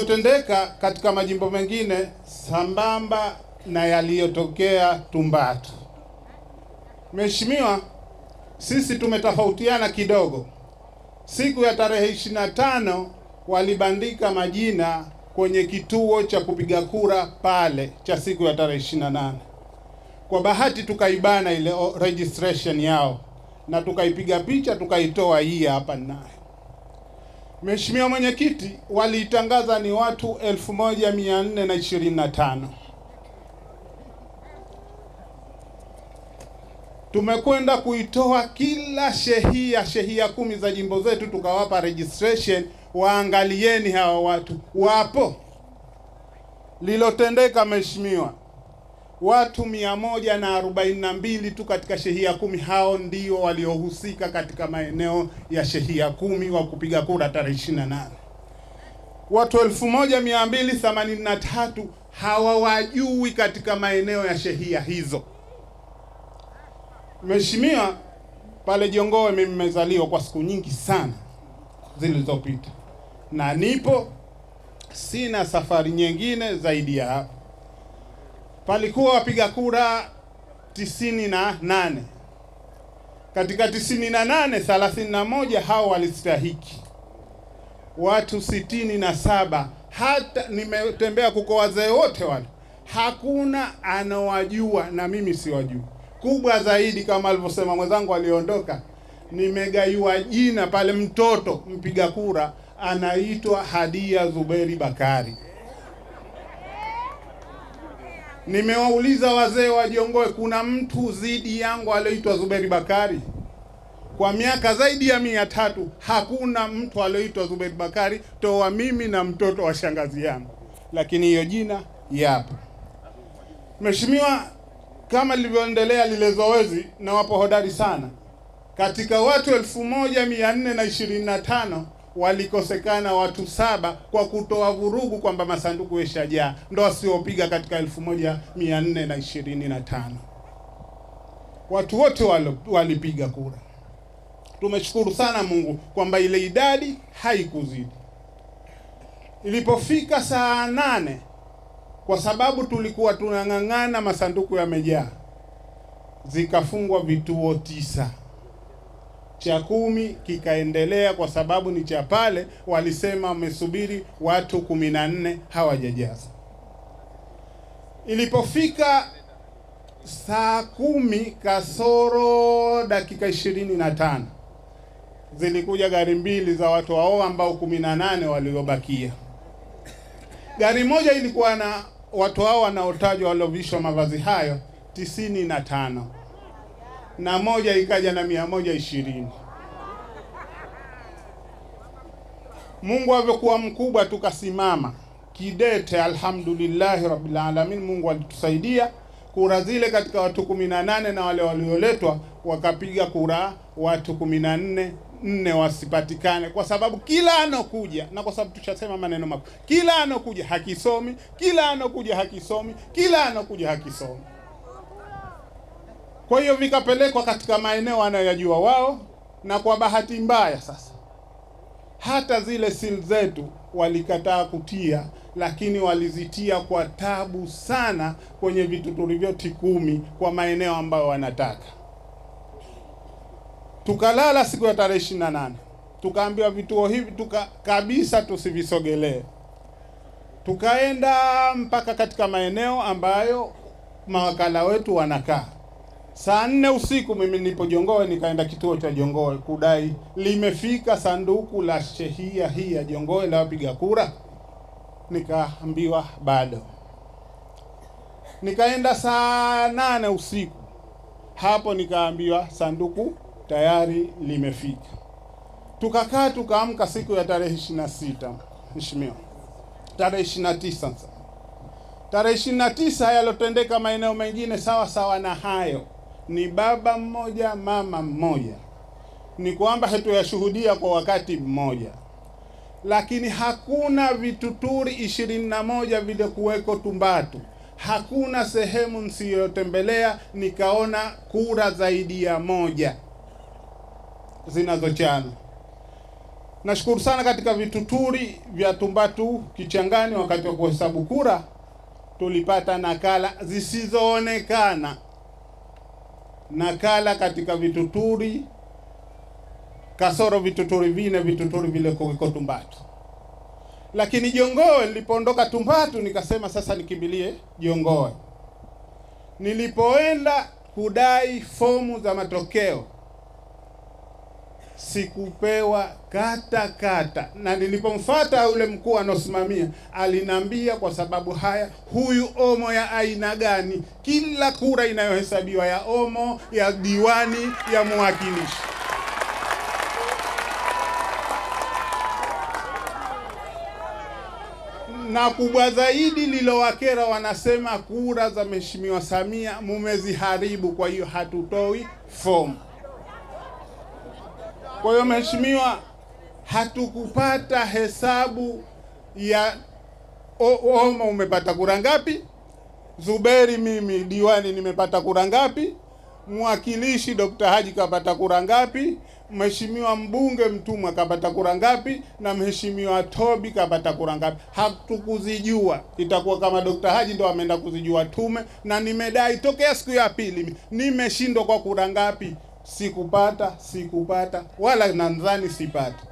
Yaliyotendeka katika majimbo mengine sambamba na yaliyotokea Tumbatu. Mheshimiwa, sisi tumetofautiana kidogo. Siku ya tarehe 25 walibandika majina kwenye kituo cha kupiga kura pale cha siku ya tarehe 28. Kwa bahati tukaibana ile registration yao na tukaipiga picha tukaitoa hii hapa nayo. Mheshimiwa Mwenyekiti, waliitangaza ni watu 1425. Tumekwenda kuitoa kila shehia shehia kumi za jimbo zetu, tukawapa registration. Waangalieni hawa watu wapo. Lilotendeka mheshimiwa watu mia moja na mbili tu katika shehia kumi. Hao ndio waliohusika katika maeneo ya shehia kumi wa kupiga kura tarehe 28. Watu 1283 hawawajui katika maeneo ya shehia hizo. Mheshimiwa, pale Jongowe mimi nimezaliwa kwa siku nyingi sana zilizopita, na nipo sina safari nyingine zaidi ya hapo palikuwa wapiga kura tisini na nane katika tisini na nane thelathini na moja hao walistahiki watu sitini na saba hata nimetembea kuko wazee wote wale hakuna anawajua na mimi siwajui. Kubwa zaidi kama alivyosema mwenzangu aliondoka, nimegaiwa jina pale, mtoto mpiga kura anaitwa Hadia Zuberi Bakari. Nimewauliza wazee wa Jongoe, kuna mtu zidi yangu aliyoitwa Zuberi Bakari? Kwa miaka zaidi ya mia tatu hakuna mtu aliyoitwa Zuberi Bakari toa mimi na mtoto wa shangazi yangu, lakini hiyo jina yapo. Mheshimiwa, kama lilivyoendelea lile zoezi, na wapo hodari sana katika watu elfu moja mia nne na ishirini na tano walikosekana watu saba kwa kutoa vurugu kwamba masanduku yeshajaa, ndo wasiopiga katika 1425 watu wote walipiga kura. Tumeshukuru sana Mungu kwamba ile idadi haikuzidi. Ilipofika saa nane, kwa sababu tulikuwa tunang'ang'ana masanduku yamejaa, zikafungwa vituo tisa cha kumi kikaendelea, kwa sababu ni cha pale walisema wamesubiri watu kumi na nne hawajajaza. Ilipofika saa kumi kasoro dakika ishirini na tano zilikuja gari mbili za watu wao ambao kumi na nane waliobakia. Gari moja ilikuwa na watu hao wanaotajwa waliovishwa mavazi hayo tisini na tano na moja ikaja na mia moja ishirini. Mungu avyokuwa mkubwa, tukasimama kidete. Alhamdulillahi rabbil alamin, Mungu alitusaidia kura zile katika watu kumi na nane na wale walioletwa wakapiga kura watu kumi na nne nne wasipatikane, kwa sababu kila anokuja, na kwa sababu tushasema maneno maku kila anokuja hakisomi, kila anokuja hakisomi, kila anokuja hakisomi. Kwa hiyo vikapelekwa katika maeneo wanayoyajua wao, na kwa bahati mbaya sasa hata zile sil zetu walikataa kutia, lakini walizitia kwa tabu sana kwenye vituturi vyote kumi kwa maeneo ambayo wanataka. Tukalala siku ya tarehe ishirini na nane tukaambiwa vituo hivi tuka kabisa tusivisogelee. Tukaenda mpaka katika maeneo ambayo mawakala wetu wanakaa. Saa nne usiku mimi nipo jongoe nikaenda kituo cha jongoe kudai limefika sanduku la shehia hii ya jongoe la wapiga kura, nikaambiwa bado. Nikaenda saa nane usiku hapo, nikaambiwa sanduku tayari limefika. Tukakaa tukaamka siku ya tarehe ishirini na sita mheshimiwa, tarehe ishirini na tisa sasa tarehe ishirini na tisa yalotendeka maeneo mengine sawa sawa na hayo ni baba mmoja mama mmoja, ni kwamba hatuyashuhudia kwa wakati mmoja, lakini hakuna vituturi ishirini na moja kuweko Tumbatu. Hakuna sehemu nsiyotembelea nikaona kura zaidi ya moja zinazochana. Nashukuru sana katika vituturi vya Tumbatu Kichangani, wakati wa kuhesabu kura tulipata nakala zisizoonekana nakala katika vituturi kasoro vituturi vine vituturi vile kuliko Tumbatu. Lakini jongoe nilipoondoka Tumbatu nikasema sasa nikimbilie jongoe Nilipoenda kudai fomu za matokeo sikupewa kata kata, na nilipomfuata yule mkuu anosimamia alinambia, kwa sababu haya, huyu omo ya aina gani? Kila kura inayohesabiwa ya omo, ya diwani, ya mwakilishi na kubwa zaidi lilowakera, wanasema kura za mheshimiwa Samia mumeziharibu, kwa hiyo hatutoi fomu. Kwa hiyo mheshimiwa, hatukupata hesabu ya omo umepata kura ngapi, Zuberi mimi diwani nimepata kura ngapi, mwakilishi Dr. Haji kapata kura ngapi, mheshimiwa mbunge Mtumwa kapata kura ngapi, na mheshimiwa Tobi kapata kura ngapi? Hatukuzijua. Itakuwa kama Dr. Haji ndo ameenda kuzijua tume, na nimedai tokea siku ya pili nimeshindwa kwa kura ngapi sikupata, sikupata wala nadhani sipata.